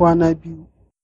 kwana biyu